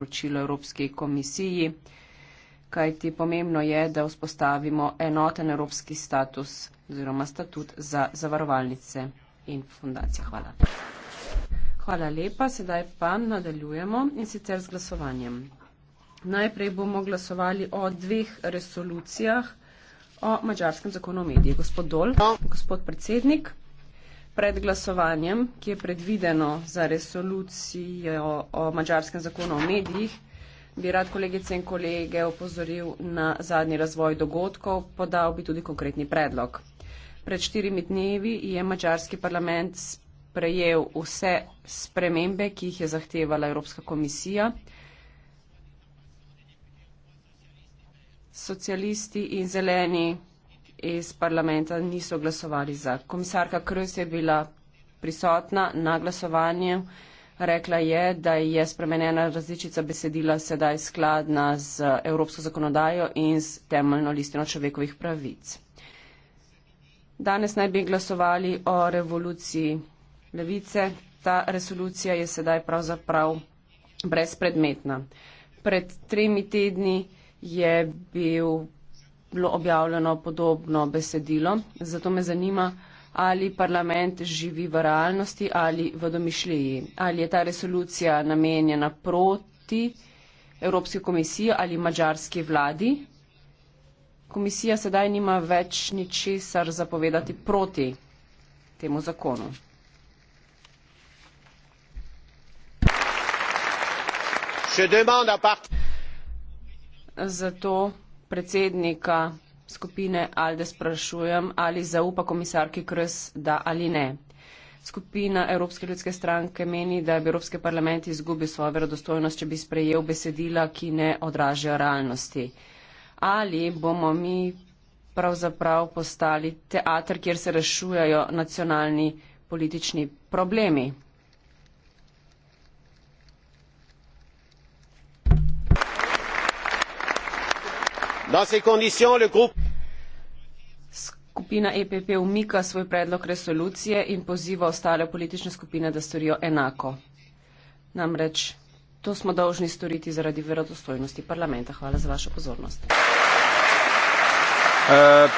poročilo Evropske komisiji, kaj ti pomembno je, da vzpostavimo enoten evropski status oziroma statut za zavarovalnice in fundacije. Hvala. Hvala lepa, sedaj pa nadaljujemo in sicer z glasovanjem. Najprej bomo glasovali o dveh resolucijah o mađarskem zakonu o medijih. Gospod Dol, gospod predsednik pred glasovanjem, ki je predvideno za resolucijo o, o mačarskem zakonu o medijih, bi rad kolegice in kolege opozoril na zadnji razvoj dogodkov, podal bi tudi konkretni predlog. Pred štirimi dnevi je mačarski parlament sprejel vse spremembe, ki jih je zahtevala Evropska komisija. Socialisti in zeleni iz parlamenta niso glasovali za. Komisarka Kruz je bila prisotna na glasovanju. Rekla je, da je spremenjena različica besedila sedaj skladna z evropsko zakonodajo in z temeljno listino človekovih pravic. Danes naj bi glasovali o revoluciji levice. Ta resolucija je sedaj pravzaprav brezpredmetna. Pred tremi tedni je bil bilo objavljeno podobno besedilo. Zato me zanima, ali parlament živi v realnosti ali v domišljiji. Ali je ta resolucija namenjena proti Evropski komisiji ali mađarski vladi. Komisija sedaj nima več ničesar zapovedati proti temu zakonu. Zato predsednika skupine Alde sprašujem, ali zaupa komisarki Kres, da ali ne. Skupina Evropske ljudske stranke meni, da bi Evropski parlament izgubil svojo verodostojnost, če bi sprejel besedila, ki ne odražajo realnosti. Ali bomo mi pravzaprav postali teater, kjer se rešujajo nacionalni politični problemi? skupina epp umika svoj predlog resolucije in poziva ostale politične skupine da storijo enako namreč to smo dolžni storiti zaradi verodostojnosti parlamenta hvala za vašo pozornost e,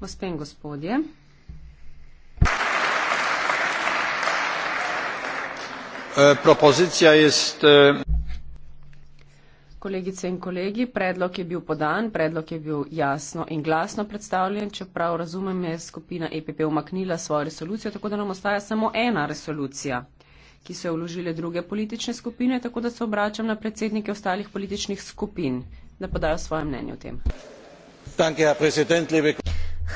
gospe in gospodje e, eh, propozicija jest e... Kolegice in kolegi, predlog je bil podan, predlog je bil jasno in glasno predstavljen. Čeprav razumem, je skupina EPP umaknila svojo resolucijo, tako da nam ostaja samo ena resolucija, ki so jo vložile druge politične skupine, tako da se obračam na predsednike ostalih političnih skupin, da podajo svoje mnenje o tem. Danke,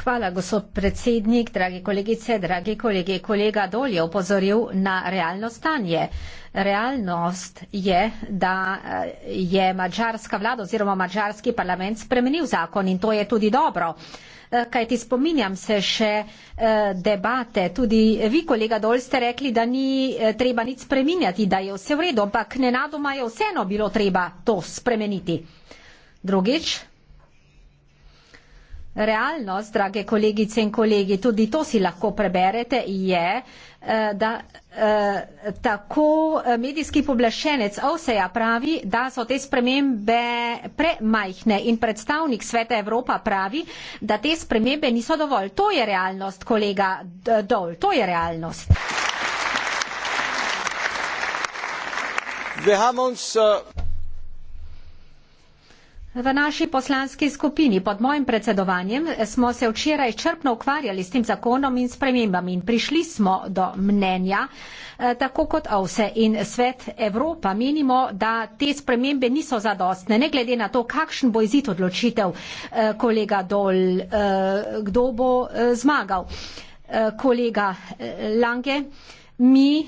Hvala, gospod predsednik, dragi kolegice, dragi kolegi. Kolega Dol je opozoril na realno stanje. Realnost je, da eh, je mađarska vlada oziroma mađarski parlament spremenil zakon in to je tudi dobro. Eh, Kaj ti spominjam se še eh, debate, tudi vi, kolega Dol, ste rekli, da ni treba nič spreminjati, da je vse v redu, ampak nenadoma je vseeno bilo treba to spremeniti. Drugič, realnost, drage kolegice in kolegi, tudi to si lahko preberete, je, eh, da eh, tako eh, medijski poblašenec Oseja pravi, da so te spremembe premajhne in predstavnik Sveta Evropa pravi, da te spremembe niso dovolj. To je realnost, kolega Dol, to je realnost. Wir haben uns äh, V naši poslanski skupini pod mojim predsedovanjem smo se včeraj črpno ukvarjali s tem zakonom in spremembami in prišli smo do mnenja, eh, tako kot OVSE in svet Evropa, menimo, da te spremembe niso zadostne, ne glede na to, kakšen bo izid odločitev eh, kolega Dol, eh, kdo bo zmagal. Kolega Lange, mi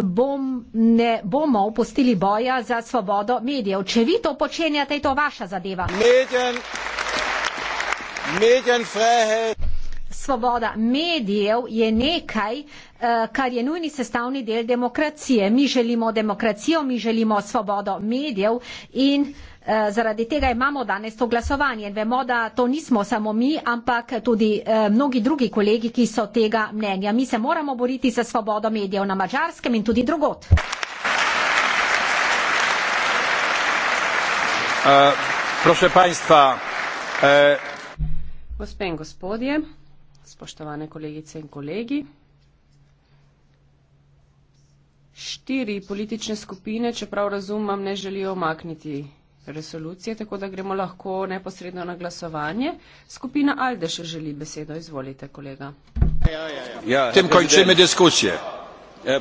bom, ne bomo opustili boja za svobodo medijev. Če vi to počenjate, je to vaša zadeva. Medien, medien Svoboda medijev je nekaj, eh, kar je nujni sestavni del demokracije. Mi želimo demokracijo, mi želimo svobodo medijev in Eh, zaradi tega imamo danes to glasovanje in vemo, da to nismo samo mi, ampak tudi eh, mnogi drugi kolegi, ki so tega mnenja. Mi se moramo boriti za svobodo medijev na mačarskem in tudi drugot. Uh, eh, państwa, uh... Gospe in gospodje, spoštovane kolegice in kolegi. Štiri politične skupine, čeprav razumem, ne želijo omakniti resolucije, tako da gremo lahko neposredno na glasovanje. Skupina Alde še želi besedo. Izvolite, kolega. Ja, ja, ja. tem končujemo diskusije. Ja, eh,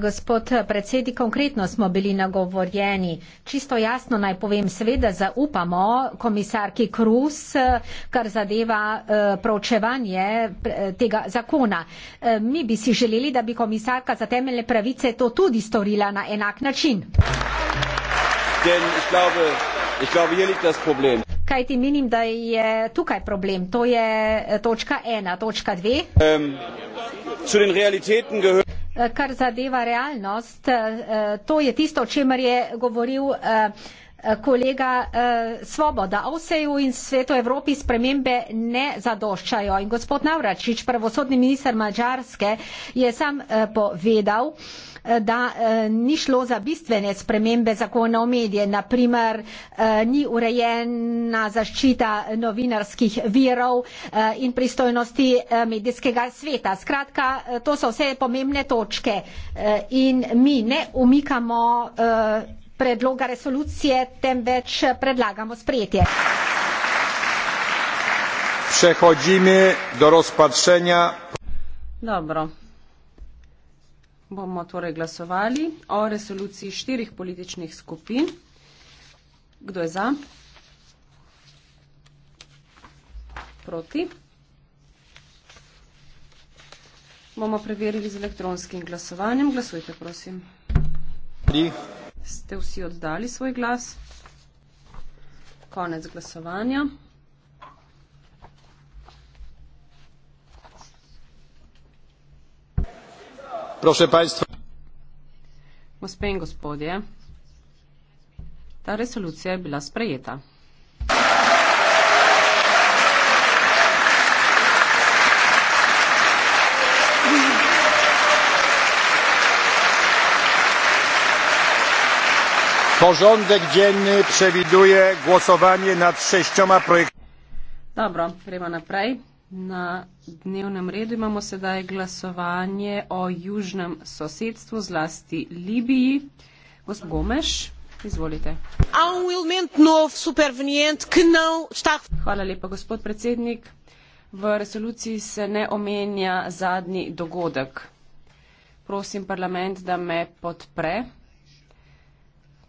gospod eh, predsednik, konkretno smo bili nagovorjeni. Čisto jasno naj povem, seveda zaupamo komisarki Kruz, eh, kar zadeva pročevanje tega zakona. Mi bi si želeli, da bi komisarka za temeljne pravice to tudi storila na enak način. Hvala. Denn ich glaube, ich glaube, hier liegt das Problem. Kaj ti menim, da je tukaj problem? To je eh, točka ena. Točka dve. Ähm, um, gehör... Eh, kar zadeva realnost, eh, to je tisto, o čemer je govoril. Uh, Eh, kolega eh, Svoboda. A vseju in svetu Evropi spremembe ne zadoščajo. In gospod Navračič, pravosodni minister Mačarske, je sam eh, povedal, da ni šlo za bistvene spremembe zakona o medije. Naprimer, ni urejena zaščita novinarskih virov in pristojnosti medijskega sveta. Skratka, to so vse pomembne točke in mi ne umikamo predloga resolucije, temveč predlagamo sprejetje. Prehodimo do razpatrenja. Dobro. Bomo torej glasovali o resoluciji štirih političnih skupin. Kdo je za? Proti? Bomo preverili z elektronskim glasovanjem. Glasujte, prosim ste vsi oddali svoj glas. Konec glasovanja. Proszę Państwa. Gospe in gospodje, ta resolucija je bila sprejeta. Porządek dzienny przewiduje głosowanie nad sześcioma projektami. Dobro, gremo naprej. Na dnevnem redu imamo sedaj glasovanje o južnem sosedstvu, zlasti Libiji. Gospod Gomeš, izvolite. Um Hvala lepa, gospod predsednik. V resoluciji se ne omenja zadnji dogodek. Prosim parlament, da me podpre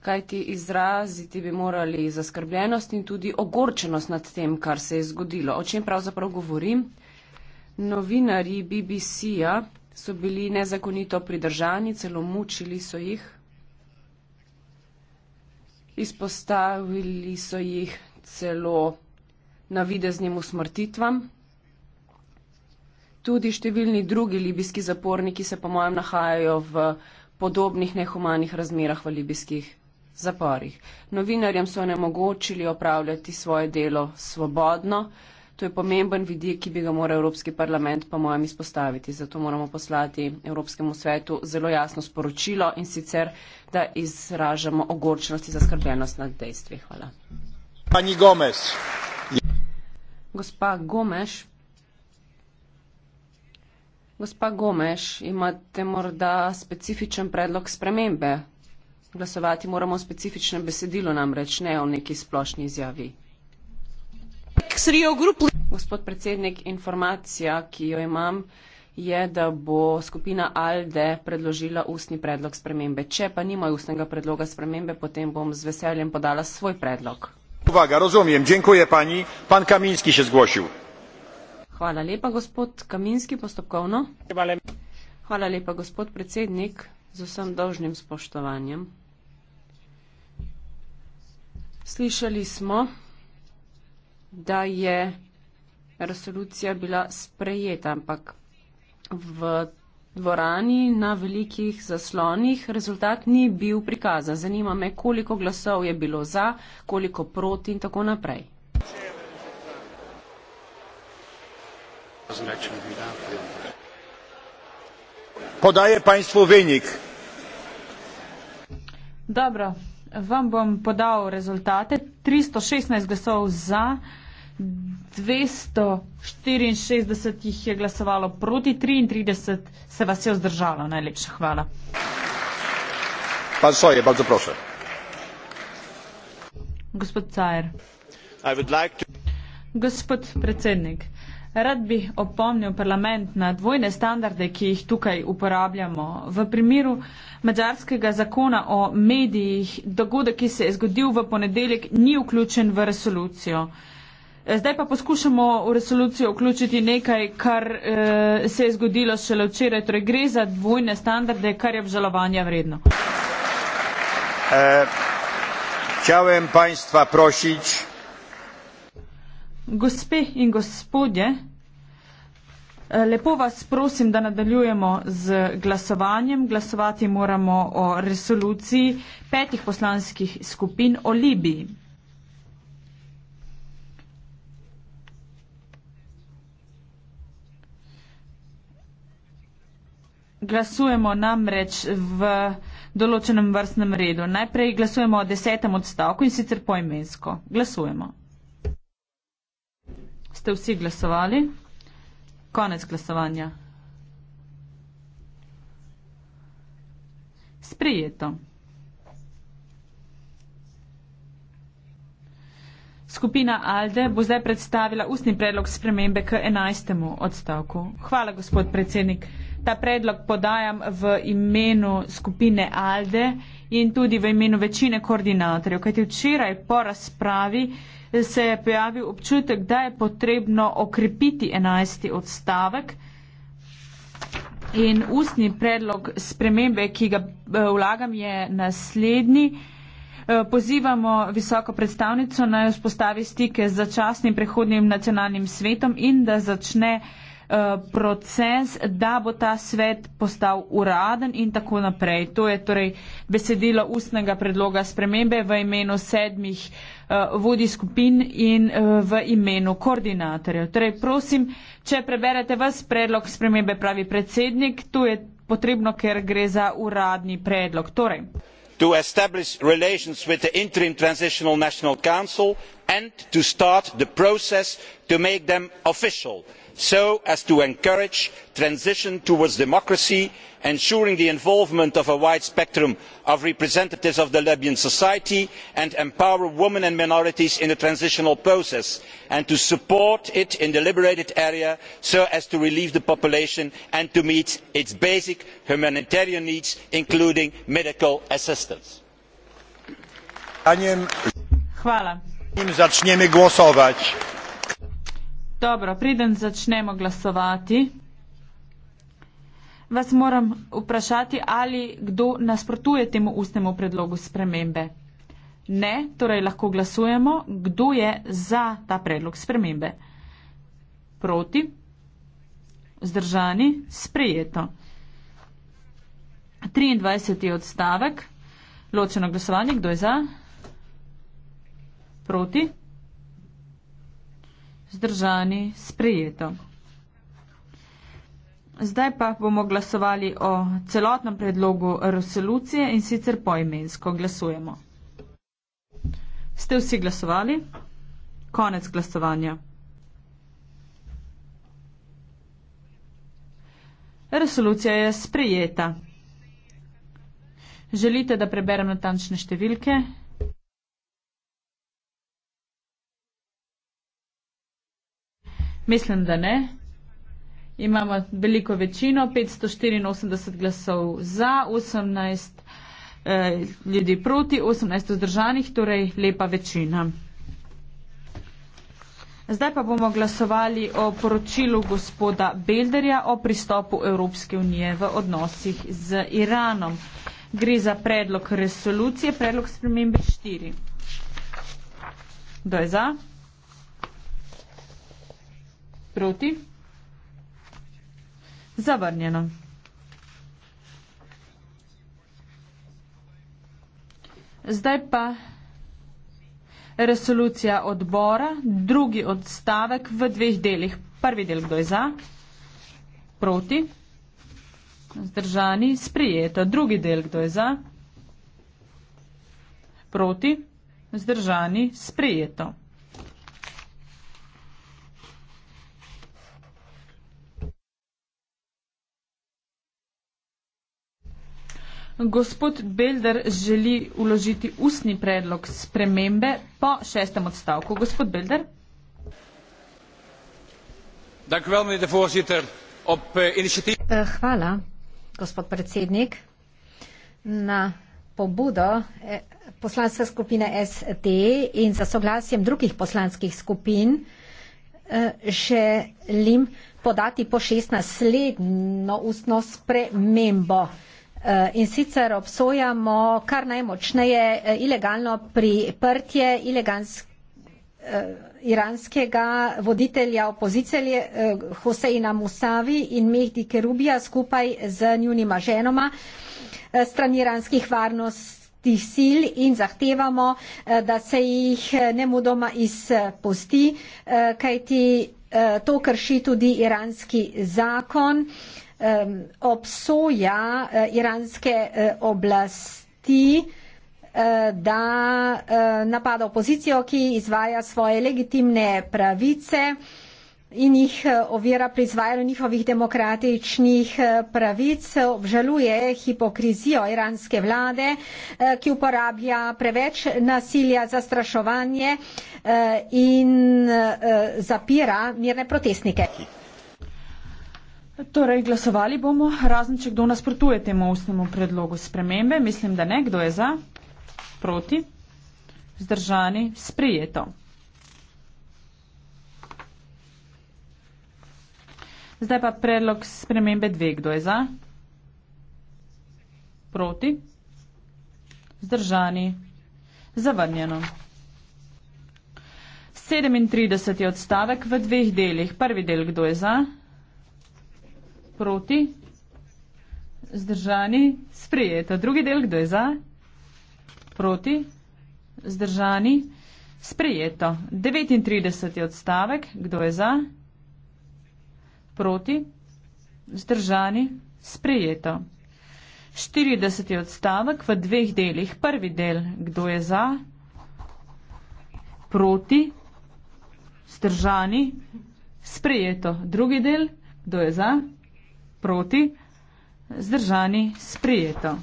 kaj ti izraziti bi morali zaskrbljenost in tudi ogorčenost nad tem, kar se je zgodilo. O čem pravzaprav govorim? Novinari BBC-ja so bili nezakonito pridržani, celo mučili so jih, izpostavili so jih celo navideznim usmrtitvam. Tudi številni drugi libijski zaporniki se, po mojem, nahajajo v podobnih nehumanih razmerah v libijskih zaporih. Novinarjem so onemogočili opravljati svoje delo svobodno. To je pomemben vidik, ki bi ga moral Evropski parlament, po mojem, izpostaviti. Zato moramo poslati Evropskemu svetu zelo jasno sporočilo in sicer, da izražamo ogorčenost in zaskrbljenost nad dejstvi. Hvala. Pani Gomez. Gospa Gomeš. Gospa Gomeš, imate morda specifičen predlog spremembe Glasovati moramo o specifičnem besedilu, namreč ne o neki splošni izjavi. Gospod predsednik, informacija, ki jo imam, je, da bo skupina ALDE predložila ustni predlog spremembe. Če pa nima ustnega predloga spremembe, potem bom z veseljem podala svoj predlog. Uvaga, razumem. Dziękuję pani. Pan Kaminski se zgošil. Hvala lepa, gospod Kaminski, postopkovno. Hvala lepa, gospod predsednik, z vsem dolžnim spoštovanjem. Slišali smo, da je resolucija bila sprejeta, ampak v dvorani na velikih zaslonih rezultat ni bil prikazan. Zanima me, koliko glasov je bilo za, koliko proti in tako naprej. Podaje państwu wynik. Dobro vam bom podal rezultate. 316 glasov za, 264 jih je glasovalo proti, 33 se vas je vzdržalo. Najlepša hvala. Pan Soje, bardzo proszę. Gospod Cajer. Like to... Gospod predsednik, rad bi opomnil parlament na dvojne standarde, ki jih tukaj uporabljamo. V primeru, mađarskega zakona o medijih, dogodek, ki se je zgodil v ponedeljek, ni vključen v resolucijo. Eh, zdaj pa poskušamo v resolucijo vključiti nekaj, kar eh, se je zgodilo šele včeraj, torej gre za dvojne standarde, kar je obžalovanja vredno. Eh, Gospe in gospodje, Lepo vas prosim, da nadaljujemo z glasovanjem. Glasovati moramo o resoluciji petih poslanskih skupin o Libiji. Glasujemo namreč v določenem vrstnem redu. Najprej glasujemo o desetem odstavku in sicer poimensko. Glasujemo. Ste vsi glasovali? Konec glasovanja. Sprejeto. Skupina ALDE bo zdaj predstavila ustni predlog spremembe k 11. odstavku. Hvala, gospod predsednik ta predlog podajam v imenu skupine Alde in tudi v imenu večine koordinatorjev, kajti včeraj po razpravi se je pojavil občutek, da je potrebno okrepiti enajsti odstavek in ustni predlog spremembe, ki ga eh, vlagam, je naslednji. Eh, pozivamo visoko predstavnico naj vzpostavi stike z začasnim prehodnim nacionalnim svetom in da začne Eh, proces, da bo ta svet postal uraden in tako naprej. To je torej besedilo ustnega predloga spremembe v imenu sedmih eh, vodi skupin in eh, v imenu koordinatorjev. Torej, prosim, če preberete vas predlog spremembe pravi predsednik, tu je potrebno, ker gre za uradni predlog. Torej. To establish relations with the interim transitional national council and to start the process to make them official so as to encourage transition towards democracy ensuring the involvement of a wide spectrum of representatives of libyan society and empower women and minorities in the transitional process and to support it in the liberated area so as to relieve the population and to meet its basic humanitarian needs including medical assistance. zanim zaczniemy głosować Dobro, preden začnemo glasovati, vas moram vprašati, ali kdo nasprotuje temu ustnemu predlogu spremembe. Ne, torej lahko glasujemo, kdo je za ta predlog spremembe. Proti, zdržani, sprejeto. 23. odstavek, ločeno glasovanje, kdo je za? Proti. Zdržani, sprejeto. Zdaj pa bomo glasovali o celotnem predlogu resolucije in sicer poimensko glasujemo. Ste vsi glasovali? Konec glasovanja. Resolucija je sprejeta. Želite, da preberem natančne številke? Mislim, da ne. Imamo veliko večino, 584 glasov za, 18 eh, ljudi proti, 18 vzdržanih, torej lepa večina. Zdaj pa bomo glasovali o poročilu gospoda Belderja o pristopu Evropske unije v odnosih z Iranom. Gre za predlog resolucije, predlog spremembe 4. Kdo je za? Proti? Zavrnjeno. Zdaj pa resolucija odbora, drugi odstavek v dveh delih. Prvi del, kdo je za? Proti? Zdržani? Sprijeto. Drugi del, kdo je za? Proti? Zdržani? Sprijeto. Gospod Belder želi uložiti ustni predlog spremembe po šestem odstavku. Gospod Belder. Dank u wel, meneer de voorzitter. Op eh, initiatief. Eh, hvala, gospod predsednik. Na pobudo eh, poslanske skupine SD in za soglasjem drugih poslanskih skupin želim podati po šestnaslednjo ustno spremembo. Eh, in sicer obsojamo kar najmočneje eh, ilegalno priprtje eh, iranskega voditelja opozicije Hoseina Musavi in Mehdi Kerubija skupaj z njunima ženoma strani iranskih varnosti sil in zahtevamo, da se jih ne mudoma izpusti, kajti to krši tudi iranski zakon obsoja e, iranske e, oblasti, e, da napada opozicijo, ki izvaja svoje legitimne pravice in jih ovira pri izvajanju njihovih demokratičnih pravic, obžaluje hipokrizijo iranske vlade, ki uporablja preveč nasilja za straševanje in zapira mirne protestnike. Torej, glasovali bomo, razen če kdo nasprotuje temu ustnemu predlogu spremembe. Mislim, da ne. Kdo je za? Proti? Zdržani? Sprijeto. Zdaj pa predlog spremembe dve. Kdo je za? Proti? Zdržani? Zavrnjeno. 37 je odstavek v dveh delih. Prvi del, kdo je za? proti, zdržani, sprijeto. Drugi del, kdo je za, proti, zdržani, sprijeto. 39. odstavek, kdo je za, proti, zdržani, sprijeto. 40. odstavek v dveh delih. Prvi del, kdo je za, proti, zdržani, sprijeto. Drugi del, kdo je za, proti, zdržani, sprijeto proti, zdržani, sprijeto.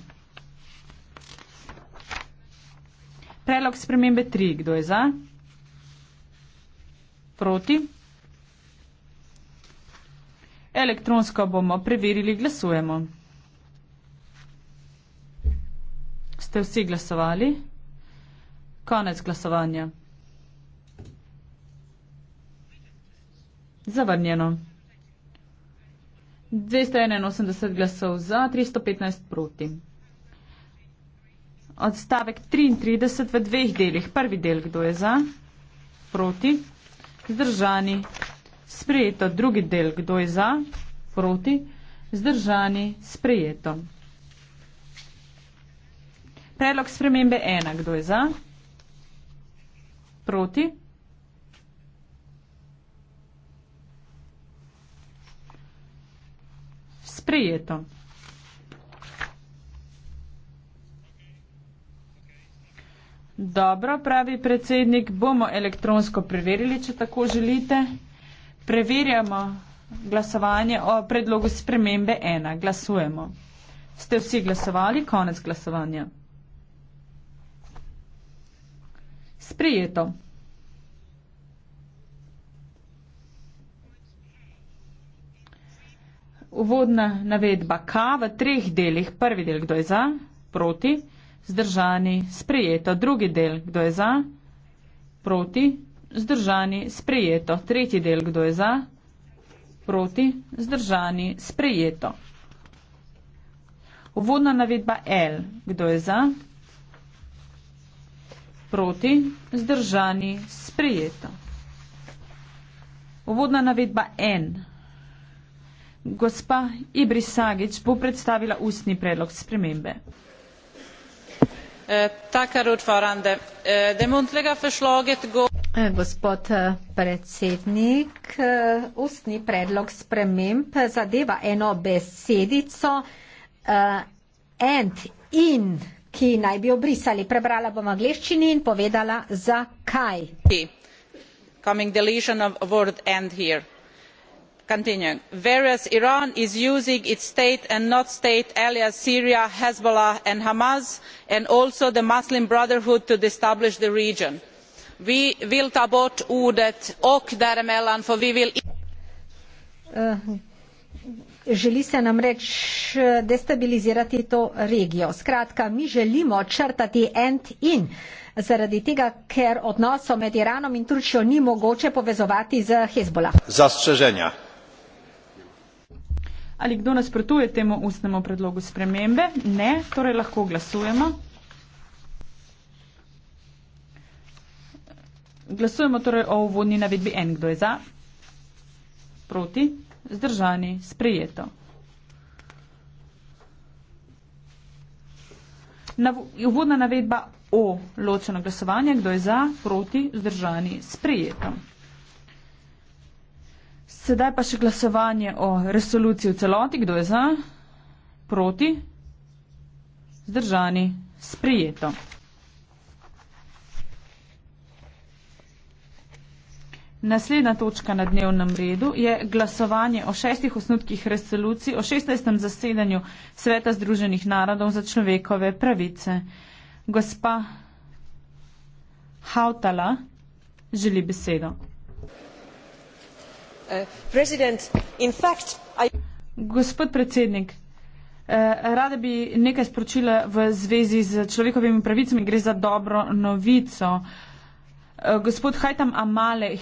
Predlog spremembe 3. Kdo je za? Proti. Elektronsko bomo preverili, glasujemo. Ste vsi glasovali? Konec glasovanja. Zavrnjeno. 281 glasov za, 315 proti. Odstavek 33 v dveh delih. Prvi del, kdo je za, proti, zdržani, sprejeto. Drugi del, kdo je za, proti, zdržani, sprejeto. Predlog spremembe 1, kdo je za, proti. sprejeto. Dobro, pravi predsednik, bomo elektronsko preverili, če tako želite. Preverjamo glasovanje o predlogu spremembe 1. Glasujemo. Ste vsi glasovali? Konec glasovanja. Sprejeto. uvodna navedba K v treh delih. Prvi del, kdo je za, proti, zdržani, sprejeto. Drugi del, kdo je za, proti, zdržani, sprejeto. Tretji del, kdo je za, proti, zdržani, sprejeto. Uvodna navedba L, kdo je za, proti, zdržani, sprejeto. Uvodna navedba N, kdo je za, proti, zdržani, sprejeto. Gospa Ibris Sagič bo predstavila ustni predlog spremembe. Eh, eh, eh, gospod predsednik, ustni predlog sprememb zadeva eno besedico and in, ki naj bi obrisali. Prebrala bom angliščini in povedala zakaj. Coming deletion of word and here continuing whereas iran is using its state and not state allies syria hezbollah and hamas and also the muslim brotherhood to destabilise the region. vi vill ta bort ordet och däremellan för vi vill. Eh, želi se namreč eh, destabilizirati to regijo. Skratka, mi želimo črtati end in zaradi tega, ker odnosov med Iranom in Turčijo ni mogoče povezovati z Hezbolah. Zastrzeženja. Ali kdo nasprotuje temu ustnemu predlogu spremembe? Ne, torej lahko glasujemo. Glasujemo torej o uvodni navedbi en, kdo je za, proti, zdržani, sprejeto. Nav uvodna navedba o ločeno glasovanje, kdo je za, proti, zdržani, sprejeto. Sedaj pa še glasovanje o resoluciji v celoti. Kdo je za? Proti? Zdržani? Sprijeto. Naslednja točka na dnevnem redu je glasovanje o šestih osnutkih resolucij o 16. zasedanju Sveta Združenih narodov za človekove pravice. Gospa Hautala želi besedo. Uh, gospod predsednik, uh, rada bi nekaj sporočila v zvezi z človekovimi pravicami, gre za dobro novico. Uh, gospod Hajtam Amaleh,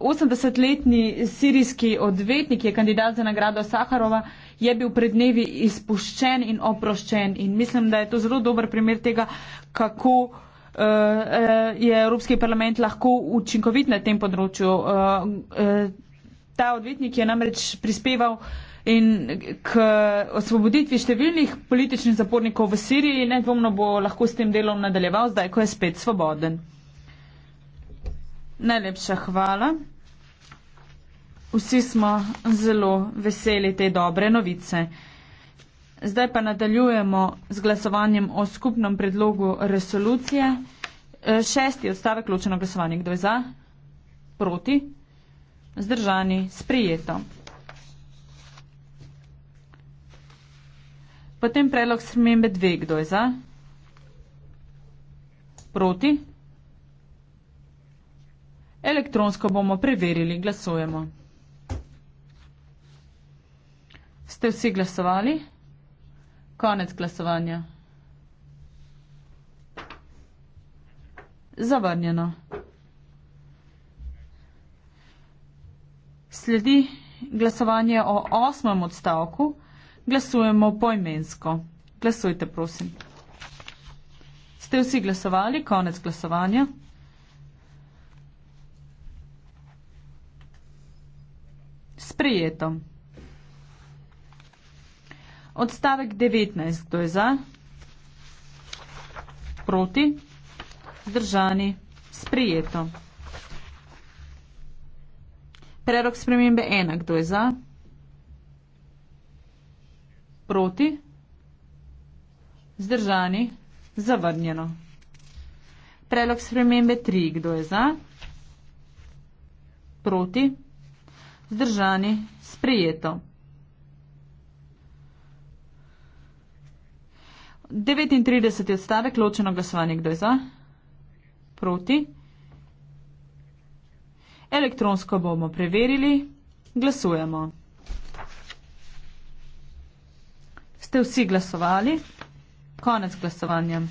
80-letni sirijski odvetnik je kandidat za nagrado Saharova, je bil pred dnevi izpuščen in oproščen. In mislim, da je to zelo dober primer tega, kako uh, Eh, je Evropski parlament lahko učinkovit na tem področju. Eh, eh, ta odvetnik je namreč prispeval in k osvoboditvi številnih političnih zapornikov v Siriji in nedvomno bo lahko s tem delom nadaljeval zdaj, ko je spet svoboden. Najlepša hvala. Vsi smo zelo veseli te dobre novice. Zdaj pa nadaljujemo z glasovanjem o skupnem predlogu resolucije. E, šesti odstavek, ključeno glasovanje. Kdo je za? Proti? Zdržani? Sprijeto. Potem predlog smembe dve. Kdo je za? Proti? Elektronsko bomo preverili. Glasujemo. Ste vsi glasovali? Glasujemo. Konec glasovanja. Zavrnjeno. Sledi glasovanje o osmem odstavku. Glasujemo poimensko. Glasujte, prosim. Ste vsi glasovali? Konec glasovanja. Sprijeto. Odstavek 19. Kdo je za? Proti? Zdržani? Sprijeto. Prerok spremembe 1. Kdo je za? Proti? Zdržani? Zavrnjeno. Prerok spremembe 3. Kdo je za? Proti? Zdržani? Sprijeto. 39. odstavek, ločeno glasovanje, kdo je za? Proti. Elektronsko bomo preverili. Glasujemo. Ste vsi glasovali? Konec glasovanja.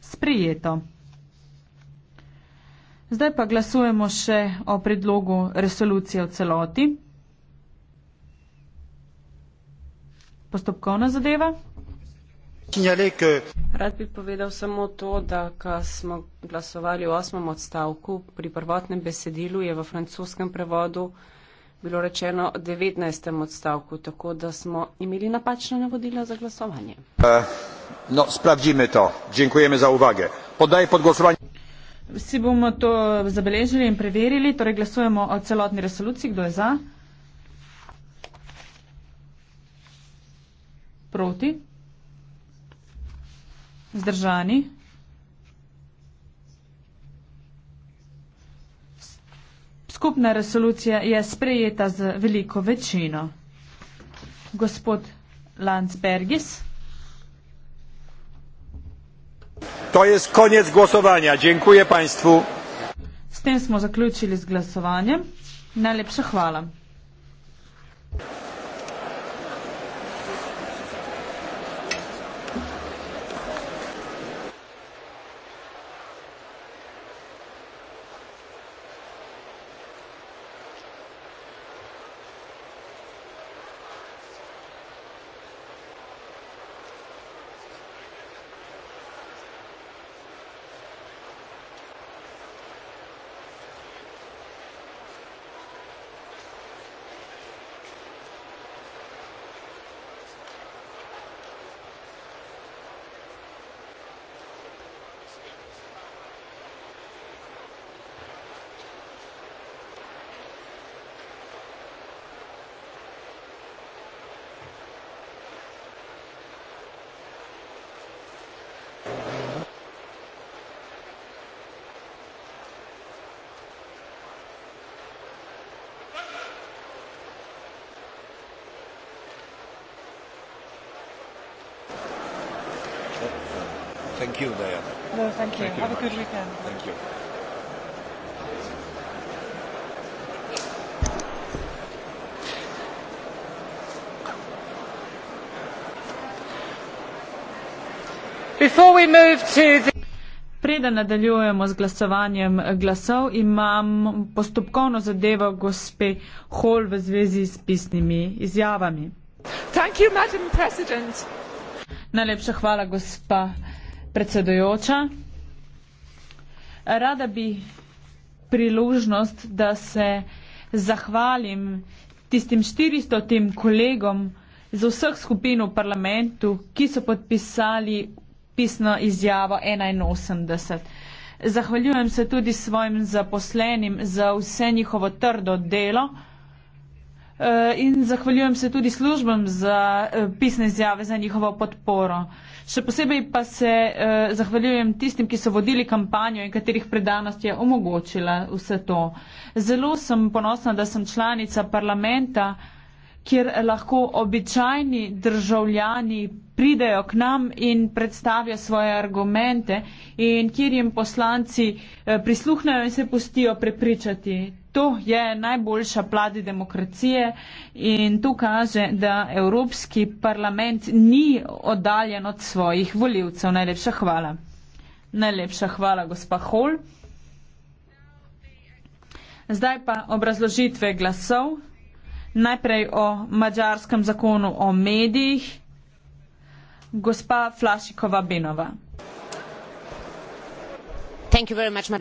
Sprijeto. Zdaj pa glasujemo še o predlogu resolucije v celoti. postopkovna zadeva. Rad bi povedal samo to, da ko smo glasovali v osmem odstavku, pri prvotnem besedilu je v francoskem prevodu bilo rečeno v devetnajstem odstavku, tako da smo imeli napačno navodilo za glasovanje. Uh, no, spravdime to. Dziękujemy za uvage. Podaj pod glasovanje. Vsi bomo to zabeležili in preverili, torej glasujemo o celotni resoluciji. Kdo je za? Proti? Zdržani? Skupna resolucija je sprejeta z veliko večino. Gospod Lanz Bergis. To je konec glasovanja. Dziękuję Państwu. S tem smo zaključili z glasovanjem. Najlepša hvala. Thank you, Diana. No, thank you. Thank you Have a good weekend. Thank you. Before we move to the Preden nadaljujemo z glasovanjem glasov, imam postopkovno zadevo gospe Hall v zvezi s pisnimi izjavami. Najlepša hvala, gospa predsedujoča. Rada bi priložnost, da se zahvalim tistim 400 tem kolegom z vseh skupin v parlamentu, ki so podpisali pisno izjavo 81. Zahvaljujem se tudi svojim zaposlenim za vse njihovo trdo delo. Eh, in zahvaljujem se tudi službam za eh, pisne izjave za njihovo podporo. Še posebej pa se eh, zahvaljujem tistim, ki so vodili kampanjo in katerih predanost je omogočila vse to. Zelo sem ponosna, da sem članica parlamenta, kjer lahko običajni državljani pridejo k nam in predstavijo svoje argumente in kjer jim poslanci prisluhnajo in se pustijo prepričati. To je najboljša plat demokracije in tu kaže, da Evropski parlament ni oddaljen od svojih voljivcev. Najlepša hvala. Najlepša hvala, gospa Hol. Zdaj pa obrazložitve glasov. Najprej o mađarskem zakonu o medijih. Gospa Flašikova Binova.